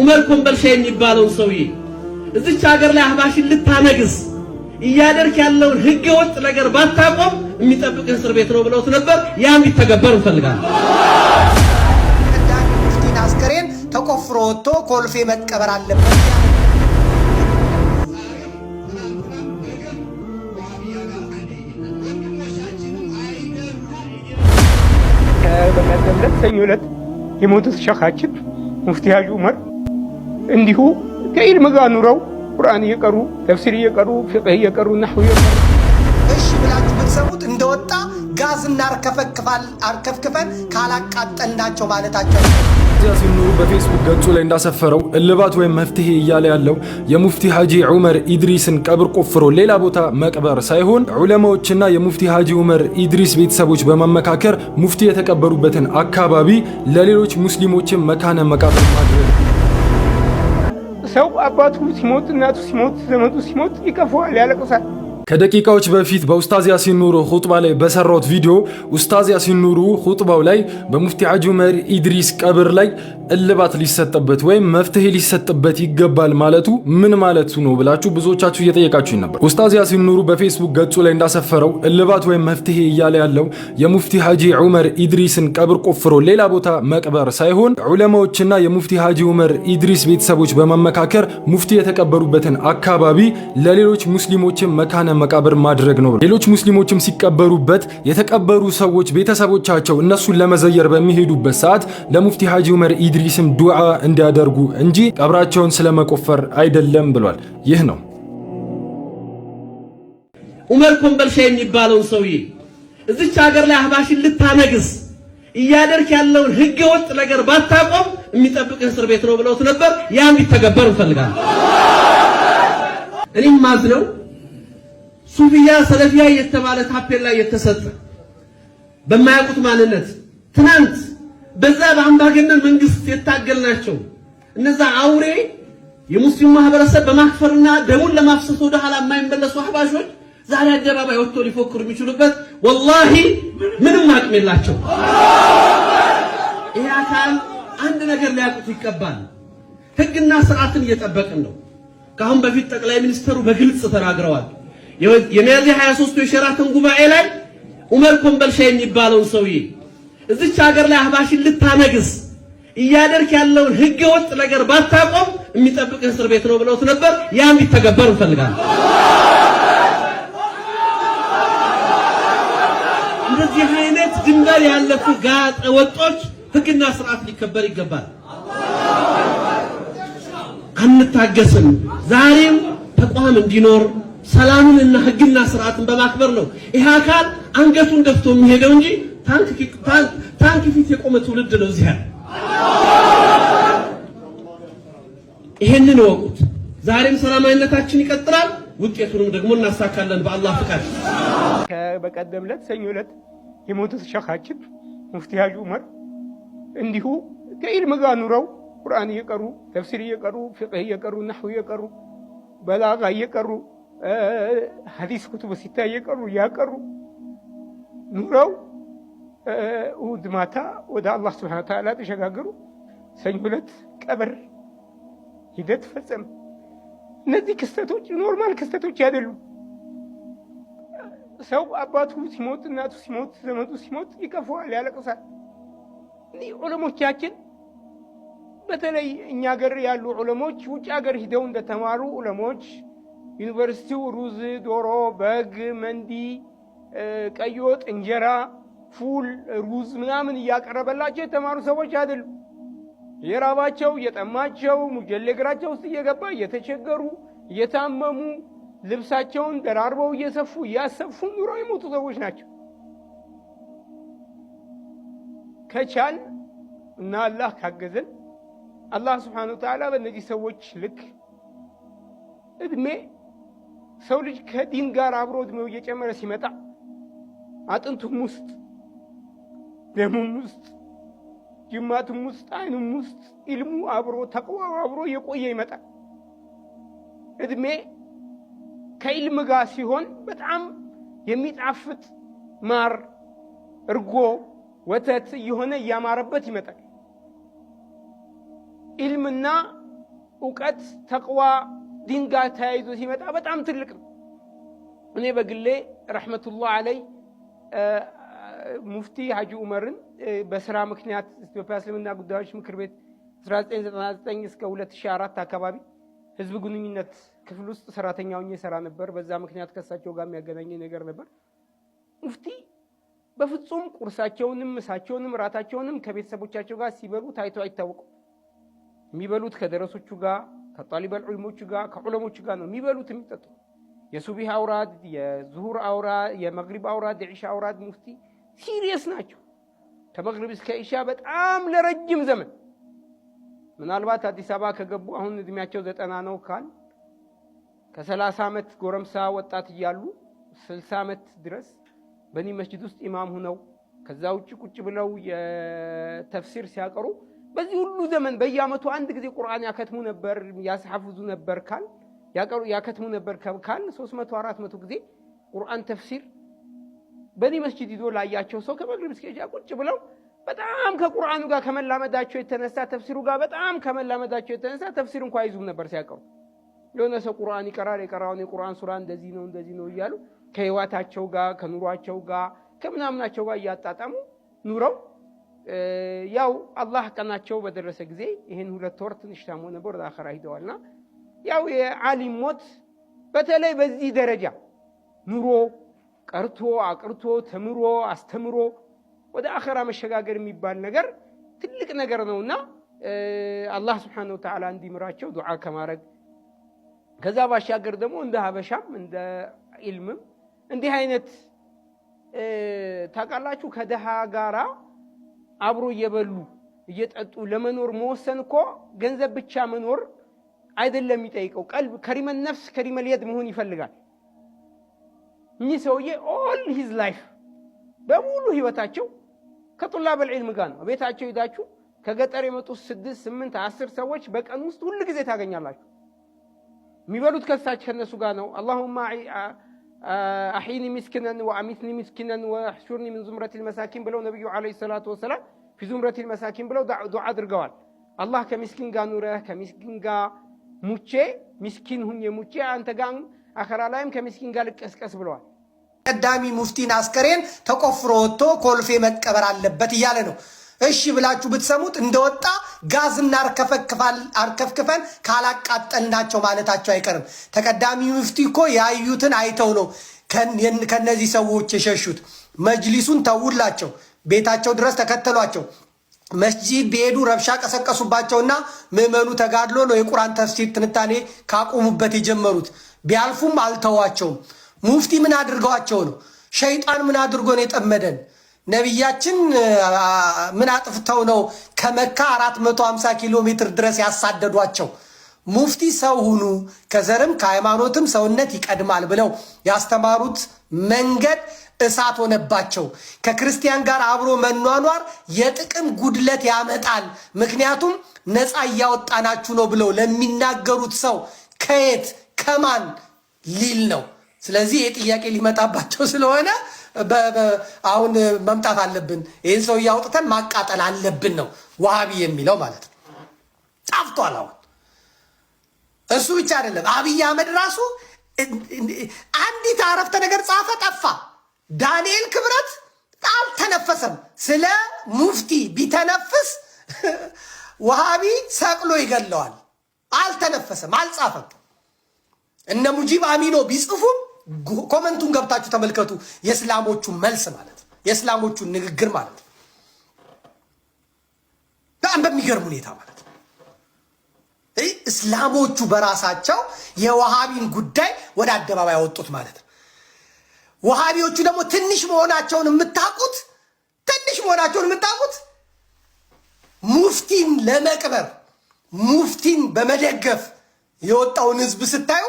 ዑመር ኮምበልሻ የሚባለውን ሰውዬ እዚች ሀገር ላይ አህባሽን ልታነግስ እያደርክ ያለውን ህገ ወጥ ነገር ባታቆም የሚጠብቅህ እስር ቤት ነው ብለውት ነበር። ያ እንዲተገበር እንፈልጋለን። ሙፍቲን አስከሬን ተቆፍሮ ወጥቶ ኮልፌ መቀበር አለበት። በሚያዘለት ሰኞ ዕለት የሞቱት ሸኻችን ሙፍቲ ሐጂ ዑመር እንዲሁ ከኢልም ጋር ኑረው ቁርአን እየቀሩ ተፍሲር እየቀሩ ፍቅህ እየቀሩ ናሁ እየቀሩ እሺ ብላችሁ ብትሰሙት እንደወጣ ጋዝ እናርከፈክፋል አርከፍክፈን ካላቃጠልናቸው ማለታቸው ዚያ ሲኑሩ በፌስቡክ ገጹ ላይ እንዳሰፈረው እልባት ወይም መፍትሄ እያለ ያለው የሙፍቲ ሀጂ ዑመር ኢድሪስን ቀብር ቆፍሮ ሌላ ቦታ መቅበር ሳይሆን ዑለማዎችና የሙፍቲ ሀጂ ዑመር ኢድሪስ ቤተሰቦች በመመካከር ሙፍቲ የተቀበሩበትን አካባቢ ለሌሎች ሙስሊሞችን መካነ መቃብር ማድረግ a parte né, do Simão, o Neto Simão, o Simão, do Simão, e cavou a lela com essa. ከደቂቃዎች በፊት በኡስታዝ ያሲን ኑሩ ሁጥባ ላይ በሰራሁት ቪዲዮ ኡስታዝ ያሲን ኑሩ ሁጥባው ላይ በሙፍቲ ሐጂ ዑመር ኢድሪስ ቀብር ላይ እልባት ሊሰጥበት ወይም መፍትሄ ሊሰጥበት ይገባል ማለቱ ምን ማለቱ ነው ብላችሁ ብዙዎቻችሁ እየጠየቃችሁ ነበር። ኡስታዝ ያሲን ኑሩ በፌስቡክ ገጹ ላይ እንዳሰፈረው እልባት ወይም መፍትሄ እያለ ያለው የሙፍቲ ሐጂ ዑመር ኢድሪስን ቀብር ቆፍሮ ሌላ ቦታ መቅበር ሳይሆን ዑለማዎችና የሙፍቲ ሐጂ ዑመር ኢድሪስ ቤተሰቦች በመመካከር ሙፍቲ የተቀበሩበትን አካባቢ ለሌሎች ሙስሊሞችን መካነ መቃብር ማድረግ ነው። ሌሎች ሙስሊሞችም ሲቀበሩበት የተቀበሩ ሰዎች ቤተሰቦቻቸው እነሱን ለመዘየር በሚሄዱበት ሰዓት ለሙፍቲ ሐጂ ዑመር ኢድሪስም ዱዓ እንዲያደርጉ እንጂ ቀብራቸውን ስለመቆፈር አይደለም ብሏል። ይህ ነው ዑመር ኮምበልሻ የሚባለውን ሰውዬ እዚች ሀገር ላይ አህባሽን ልታነግስ እያደርክ ያለውን ህገ ወጥ ነገር ባታቆም የሚጠብቅህ እስር ቤት ነው ብለውት ነበር። ያ እንዲተገበር እንፈልጋለን። እኔም ማዝነው ሱብያ ሰለፊያ የተባለ ታፔላ የተሰጠ በማያውቁት ማንነት ትናንት በዛ በአምባገነን መንግስት የታገል ናቸው። እነዛ አውሬ የሙስሊም ማህበረሰብ በማክፈርና ደሙን ለማፍሰስ ወደ ኋላ የማይመለሱ አህባሾች ዛሬ አደባባይ ወጥቶ ሊፎክሩ የሚችሉበት ወላሂ ምንም አቅም የላቸው። ይህ አካል አንድ ነገር ሊያውቁት ይቀባል። ህግና ስርዓትን እየጠበቅን ነው። ከአሁን በፊት ጠቅላይ ሚኒስትሩ በግልጽ ተናግረዋል። የሚያዝያ 23ቱ የሸራተን ጉባኤ ላይ ኡመር ኮምበልሻ የሚባለውን ሰውዬ እዚች ሀገር ላይ አህባሽን ልታነግስ እያደርክ ያለውን ወጥ ነገር ባታቆም የሚጠብቅ እስር ቤት ነው ብለውት ነበር። ያ እንዲተገበር እንፈልጋለን። እንደዚህ አይነት ድንበር ያለፉ ጋጠ ወጦች ህግና ስርዓት ሊከበር ይገባል። አንታገስም። ዛሬም ተቋም እንዲኖር ሰላምንና እና ህግና ስርዓትን በማክበር ነው። ይሄ አካል አንገቱን ደፍቶ የሚሄደው እንጂ ታንክ ፊት የቆመ ትውልድ ነው። እዚህ ይሄንን እወቁት። ዛሬም ሰላማዊነታችን ይቀጥላል። ውጤቱንም ደግሞ እናሳካለን በአላህ ፍቃድ። በቀደም ዕለት ሰኞ ዕለት የሞቱት ሸኻችን ሙፍቲ ሀጂ ዑመር እንዲሁ ከኢልም ጋር ኑረው ቁርአን እየቀሩ ተፍሲር እየቀሩ ፍቅህ እየቀሩ ናህው እየቀሩ በላጋ እየቀሩ ሀዲስ ኩቱብ ሲታይ እያቀሩ ኑረው እሑድ ማታ ወደ አላህ ስብሐነ ተዓላ ተሸጋገሩ። ሰኞ ዕለት ቀብር ሂደት ፈጸም። እነዚህ ክስተቶች ኖርማል ክስተቶች አይደሉ ሰው አባቱ ሲሞት፣ እናቱ ሲሞት፣ ዘመዱ ሲሞት ይከፋዋል፣ ያለቅሳል። እንዲህ ዑለሞቻችን በተለይ እኛ ሀገር ያሉ ዑለሞች ውጭ ሀገር ሂደው እንደተማሩ ዑለሞች ዩኒቨርሲቲው ሩዝ፣ ዶሮ፣ በግ፣ መንዲ፣ ቀይ ወጥ፣ እንጀራ፣ ፉል፣ ሩዝ ምናምን እያቀረበላቸው የተማሩ ሰዎች አይደሉ። የራባቸው የጠማቸው ሙጀሌ እግራቸው ውስጥ እየገባ እየተቸገሩ እየታመሙ ልብሳቸውን ደራርበው እየሰፉ እያሰፉ ኑሮ የሞቱ ሰዎች ናቸው። ከቻል እና አላህ ካገዘን አላህ ስብሓነሁ ወተዓላ በእነዚህ ሰዎች ልክ እድሜ ሰው ልጅ ከዲን ጋር አብሮ እድሜው እየጨመረ ሲመጣ አጥንቱም ውስጥ ደሙም ውስጥ ጅማቱም ውስጥ አይኑም ውስጥ ኢልሙ አብሮ ተቅዋው አብሮ የቆየ ይመጣል። እድሜ ከኢልም ጋር ሲሆን በጣም የሚጣፍጥ ማር፣ እርጎ፣ ወተት እየሆነ እያማረበት ይመጣል። ኢልምና እውቀት ተቅዋ ድንጋይ ተያይዞ ሲመጣ በጣም ትልቅ ነው። እኔ በግሌ ረሕመቱላህ አለይ ሙፍቲ ሀጂ ዑመርን በስራ ምክንያት ኢትዮጵያ እስልምና ጉዳዮች ምክር ቤት 1999 እስከ 2004 አካባቢ ህዝብ ግንኙነት ክፍል ውስጥ ሰራተኛ ሆኜ ሰራ ነበር። በዛ ምክንያት ከእሳቸው ጋር የሚያገናኘ ነገር ነበር። ሙፍቲ በፍጹም ቁርሳቸውንም ምሳቸውንም ራታቸውንም ከቤተሰቦቻቸው ጋር ሲበሉ ታይቶ አይታወቁም። የሚበሉት ከደረሶቹ ጋር ከጣሊበል ዑልሞች ጋር ከዑለሞች ጋር ነው የሚበሉት የሚጠጡ። የሱቢህ አውራድ፣ የዙሁር አውራድ፣ የመግሪብ አውራድ፣ የኢሻ አውራድ ሙፍቲ ሲሪየስ ናቸው። ከመግሪብ እስከ ኢሻ በጣም ለረጅም ዘመን ምናልባት አዲስ አበባ ከገቡ አሁን እድሜያቸው ዘጠና ነው ካል ከሰላሳ ዓመት ጎረምሳ ወጣት እያሉ ስልሳ ዓመት ድረስ በኒ መስጅድ ውስጥ ኢማም ሁነው ከዛ ውጭ ቁጭ ብለው የተፍሲር ሲያቀሩ በዚህ ሁሉ ዘመን በየአመቱ አንድ ጊዜ ቁርአን ያከትሙ ነበር፣ ያስሐፍዙ ነበር ካል ያከትሙ ነበር ካል 300 400 ጊዜ ቁርአን ተፍሲር በዚህ መስጂድ ይዞ ላያቸው ሰው ከመግሪብ እስከ ኢሻ ቁጭ ብለው በጣም ከቁርአኑ ጋር ከመላመዳቸው የተነሳ ተፍሲሩ ጋር በጣም ከመላመዳቸው የተነሳ ተፍሲር እንኳ ይዙም ነበር ሲያቀሩ። የሆነ ሰው ቁርአን ይቀራል፣ የቀራውን የቁርአን ሱራ እንደዚህ ነው እንደዚህ ነው እያሉ ከህይወታቸው ጋር ከኑሯቸው ጋር ከምናምናቸው ጋር እያጣጣሙ ኑረው ያው አላህ ቀናቸው በደረሰ ጊዜ ይህን ሁለት ወር ትንሽ ታሞ ነበር፣ ወደ አኸራ ሂደዋልና ያው የዓሊም ሞት በተለይ በዚህ ደረጃ ኑሮ ቀርቶ አቅርቶ ተምሮ አስተምሮ ወደ አኸራ መሸጋገር የሚባል ነገር ትልቅ ነገር ነውና አላህ ስብሓነሁ ወተዓላ እንዲምራቸው ዱዓ ከማድረግ ከዛ ባሻገር ደግሞ እንደ ሀበሻም እንደ ኢልምም እንዲህ አይነት ታውቃላችሁ ከደሃ ጋራ አብሮ እየበሉ እየጠጡ ለመኖር መወሰን እኮ ገንዘብ ብቻ መኖር አይደለም የሚጠይቀው። ቀልብ ከሪመን ነፍስ ከሪመል የድ መሆን ይፈልጋል። እኚህ ሰውዬ ኦል ሂዝ ላይፍ በሙሉ ህይወታቸው ከጡላበል ዒልም ጋር ነው። ቤታቸው ሂዳችሁ ከገጠር የመጡ ስድስት ስምንት አስር ሰዎች በቀን ውስጥ ሁል ጊዜ ታገኛላችሁ። የሚበሉት ከሳች ከነሱ ጋር ነው። አላሁማ አሒኒ ሚስኪነን ወአሚትኒ ሚስኪነን ወአሕሹርኒ ሚን ዙምረቲል መሳኪን ብለው ነቢዩ ዓለይሂ ሰላቱ ወሰላም ፊ ዙምረቲል መሳኪን ብለው ዱዓ አድርገዋል። አላህ ከምስኪን ጋር ኑረህ ከምስኪን ጋር ሙቼ ምስኪን ሁኜ ሙቼ አንተ ጋር አኸራ ላይም ከምስኪን ጋር ልቀስቀስ ብለዋል። ቀዳሚ ሙፍቲን አስከሬን ተቆፍሮ ወጥቶ ኮልፌ መቀበር አለበት እያለ ነው። እሺ ብላችሁ ብትሰሙት እንደወጣ ጋዝና አርከፍክፈን ካላቃጠልናቸው ማለታቸው አይቀርም። ተቀዳሚ ሙፍቲ እኮ ያዩትን አይተው ነው ከነዚህ ሰዎች የሸሹት። መጅሊሱን ተውላቸው፣ ቤታቸው ድረስ ተከተሏቸው። መስጂድ ቢሄዱ ረብሻ ቀሰቀሱባቸውና ምዕመኑ ተጋድሎ ነው የቁርአን ተፍሲር ትንታኔ ካቆሙበት የጀመሩት። ቢያልፉም አልተዋቸውም። ሙፍቲ ምን አድርገዋቸው ነው? ሸይጣን ምን አድርጎ ነው የጠመደን? ነቢያችን ምን አጥፍተው ነው ከመካ 450 ኪሎ ሜትር ድረስ ያሳደዷቸው? ሙፍቲ ሰው ሁኑ፣ ከዘርም ከሃይማኖትም ሰውነት ይቀድማል ብለው ያስተማሩት መንገድ እሳት ሆነባቸው። ከክርስቲያን ጋር አብሮ መኗኗር የጥቅም ጉድለት ያመጣል፣ ምክንያቱም ነፃ እያወጣናችሁ ነው ብለው ለሚናገሩት ሰው ከየት ከማን ሊል ነው? ስለዚህ ይህ ጥያቄ ሊመጣባቸው ስለሆነ አሁን መምጣት አለብን፣ ይህን ሰው አውጥተን ማቃጠል አለብን ነው ዋሃቢ የሚለው ማለት ነው። ጣፍቷል። አሁን እሱ ብቻ አይደለም፣ አብይ አህመድ ራሱ አንዲት አረፍተ ነገር ጻፈ፣ ጠፋ። ዳንኤል ክብረት አልተነፈሰም። ስለ ሙፍቲ ቢተነፍስ ውሃቢ ሰቅሎ ይገለዋል። አልተነፈሰም፣ አልጻፈም። እነ ሙጂብ አሚኖ ቢጽፉም ኮመንቱን ገብታችሁ ተመልከቱ። የእስላሞቹ መልስ ማለት ነው፣ የእስላሞቹ ንግግር ማለት ነው። በጣም በሚገርም ሁኔታ ማለት ነው። እስላሞቹ በራሳቸው የዋሃቢን ጉዳይ ወደ አደባባይ ያወጡት ማለት ነው። ውሃቢዎቹ ደግሞ ትንሽ መሆናቸውን የምታውቁት ትንሽ መሆናቸውን የምታውቁት ሙፍቲን ለመቅበር ሙፍቲን በመደገፍ የወጣውን ህዝብ ስታዩ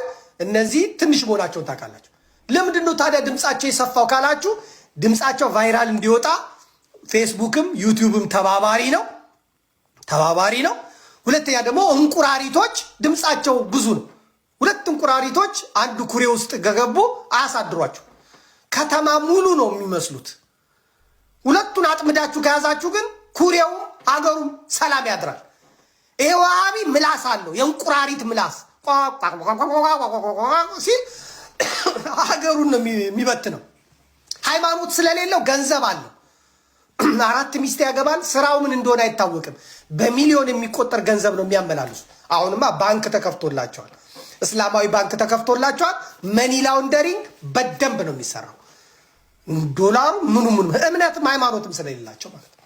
እነዚህ ትንሽ መሆናቸውን ታውቃላችሁ። ለምንድን ነው ታዲያ ድምፃቸው የሰፋው ካላችሁ ድምፃቸው ቫይራል እንዲወጣ ፌስቡክም ዩቲዩብም ተባባሪ ነው ተባባሪ ነው። ሁለተኛ ደግሞ እንቁራሪቶች ድምፃቸው ብዙ ነው። ሁለት እንቁራሪቶች አንድ ኩሬ ውስጥ ከገቡ አያሳድሯችሁ። ከተማ ሙሉ ነው የሚመስሉት። ሁለቱን አጥምዳችሁ ከያዛችሁ ግን ኩሬውም አገሩም ሰላም ያድራል። ይሄ ዋሃቢ ምላስ አለው፣ የእንቁራሪት ምላስ ሲል ሀገሩን ነው የሚበት ነው። ሃይማኖት ስለሌለው ገንዘብ አለው። አራት ሚስት ያገባል። ስራው ምን እንደሆነ አይታወቅም። በሚሊዮን የሚቆጠር ገንዘብ ነው የሚያመላልሱ። አሁንማ ባንክ ተከፍቶላቸዋል። እስላማዊ ባንክ ተከፍቶላቸዋል። መኒ ላውንደሪንግ በደንብ ነው የሚሰራው። ዶላሩ ምኑ ምኑ እምነትም ሃይማኖትም ስለሌላቸው ማለት ነው።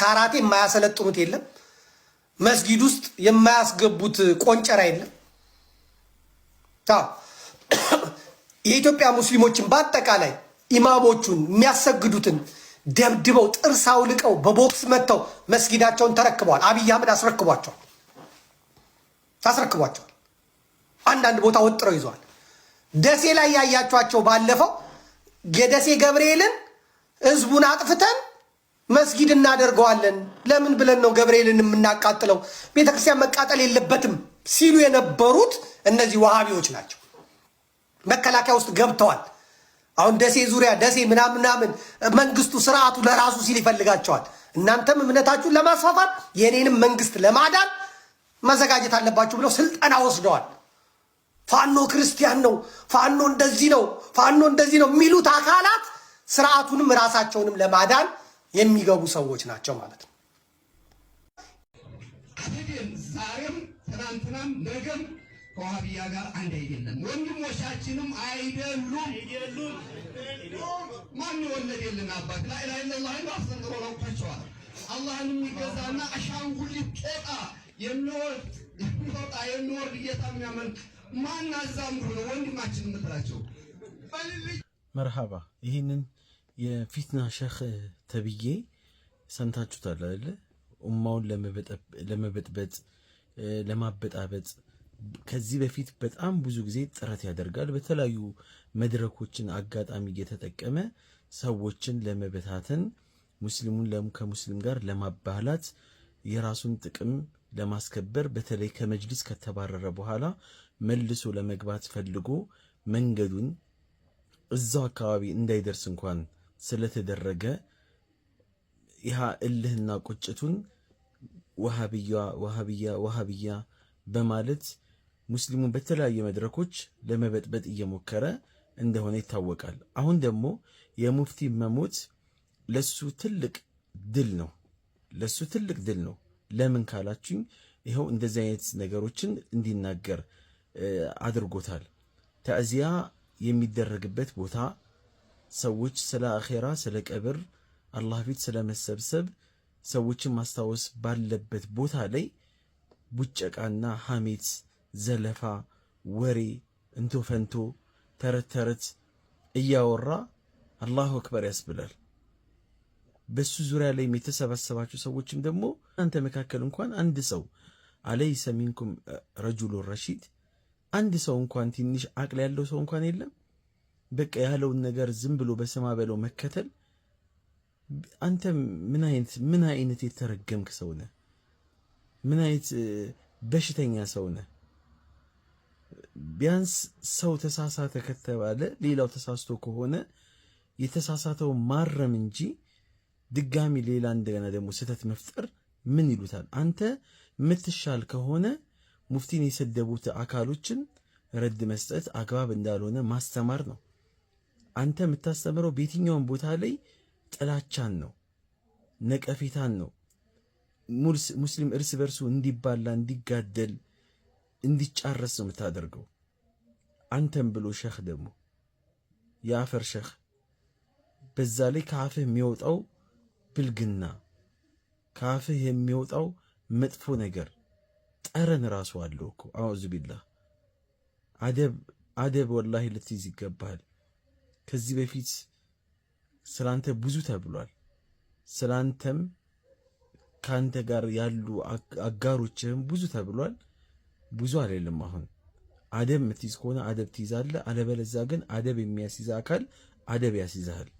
ካራቴ የማያሰለጥኑት የለም መስጊድ ውስጥ የማያስገቡት ቆንጨራ የለም። የኢትዮጵያ ሙስሊሞችን በአጠቃላይ ኢማሞቹን የሚያሰግዱትን ደብድበው ጥርስ አውልቀው በቦክስ መጥተው መስጊዳቸውን ተረክበዋል። አብይ አህመድ አስረክቧቸዋል አስረክቧቸዋል። አንዳንድ ቦታ ወጥረው ይዘዋል። ደሴ ላይ ያያቸዋቸው ባለፈው የደሴ ገብርኤልን ህዝቡን አጥፍተን መስጊድ እናደርገዋለን ለምን ብለን ነው ገብርኤልን የምናቃጥለው? ቤተክርስቲያን መቃጠል የለበትም ሲሉ የነበሩት እነዚህ ዋሃቢዎች ናቸው። መከላከያ ውስጥ ገብተዋል። አሁን ደሴ ዙሪያ ደሴ ምናምን ምናምን መንግስቱ ስርዓቱ ለራሱ ሲል ይፈልጋቸዋል። እናንተም እምነታችሁን ለማስፋፋት የእኔንም መንግስት ለማዳን መዘጋጀት አለባችሁ ብለው ስልጠና ወስደዋል። ፋኖ ክርስቲያን ነው፣ ፋኖ እንደዚህ ነው፣ ፋኖ እንደዚህ ነው የሚሉት አካላት ስርዓቱንም ራሳቸውንም ለማዳን የሚገቡ ሰዎች ናቸው ማለት ነው። ዛሬም ትናንትናም ነገም ከዋህብያ ጋር አንድ አይደለም። ወንድሞቻችንም አይደሉም ማን የወለደልን አባት ኢለላህ አላህን የሚገዛና አሻንጉሊት የሚወጣ የሚወርድ ጌታ የሚያመልክ ማን አዛምሩ ነው ወንድማችን የምትላቸው መርሃባ ይህንን የፊትና ሸህ ተብዬ ሰምታችሁታል አይደለ? ኡማውን ለመበጥበጥ ለማበጣበጥ ከዚህ በፊት በጣም ብዙ ጊዜ ጥረት ያደርጋል። በተለያዩ መድረኮችን አጋጣሚ እየተጠቀመ ሰዎችን ለመበታተን ሙስሊሙን ከሙስሊም ጋር ለማባላት የራሱን ጥቅም ለማስከበር በተለይ ከመጅሊስ ከተባረረ በኋላ መልሶ ለመግባት ፈልጎ መንገዱን እዛው አካባቢ እንዳይደርስ እንኳን ስለተደረገ ይሃ እልህና ቁጭቱን ወሃብያ ወሃብያ ወሃብያ በማለት ሙስሊሙን በተለያዩ መድረኮች ለመበጥበጥ እየሞከረ እንደሆነ ይታወቃል። አሁን ደግሞ የሙፍቲ መሞት ለሱ ትልቅ ድል ነው። ለሱ ትልቅ ድል ነው። ለምን ካላችሁኝ ይኸው እንደዚህ አይነት ነገሮችን እንዲናገር አድርጎታል። ተእዚያ የሚደረግበት ቦታ ሰዎች ስለ አኼራ፣ ስለ ቀብር፣ አላህ ፊት ስለ መሰብሰብ ሰዎችን ማስታወስ ባለበት ቦታ ላይ ቡጨቃና ሐሜት፣ ዘለፋ፣ ወሬ፣ እንቶ ፈንቶ፣ ተረት ተረት እያወራ አላሁ አክበር ያስብላል። በሱ ዙሪያ ላይም የተሰባሰባችሁ ሰዎችም ደግሞ አንተ መካከል እንኳን አንድ ሰው አለይሰ ሚንኩም ረጁሉን ረሺድ አንድ ሰው እንኳን ትንሽ አቅል ያለው ሰው እንኳን የለም። በቃ ያለውን ነገር ዝም ብሎ በስማ በለው መከተል። አንተ ምን አይነት ምን አይነት የተረገምክ ሰው ነህ? ምን አይነት በሽተኛ ሰው ነህ? ቢያንስ ሰው ተሳሳተ ከተባለ ሌላው ተሳስቶ ከሆነ የተሳሳተው ማረም እንጂ ድጋሚ ሌላ እንደገና ደግሞ ስህተት መፍጠር ምን ይሉታል? አንተ ምትሻል ከሆነ ሙፍቲን የሰደቡት አካሎችን ረድ መስጠት አግባብ እንዳልሆነ ማስተማር ነው። አንተ የምታስተምረው በየትኛውም ቦታ ላይ ጥላቻን ነው፣ ነቀፌታን ነው። ሙስሊም እርስ በርሱ እንዲባላ፣ እንዲጋደል፣ እንዲጫረስ ነው የምታደርገው። አንተም ብሎ ሸህ ደግሞ የአፈር ሸህ በዛ ላይ ከአፍህ የሚወጣው ብልግና ከአፍህ የሚወጣው መጥፎ ነገር ጠረን ራሱ አለው እኮ አዑዙ ቢላህ አደብ አደብ ወላሂ ልትይዝ ይገባል? ከዚህ በፊት ስላንተ ብዙ ተብሏል። ስላንተም ከአንተ ጋር ያሉ አጋሮችህም ብዙ ተብሏል። ብዙ አይደለም አሁን አደብ የምትይዝ ከሆነ አደብ ትይዛለህ። አለበለዚያ ግን አደብ የሚያስይዝ አካል አደብ ያስይዝሃል።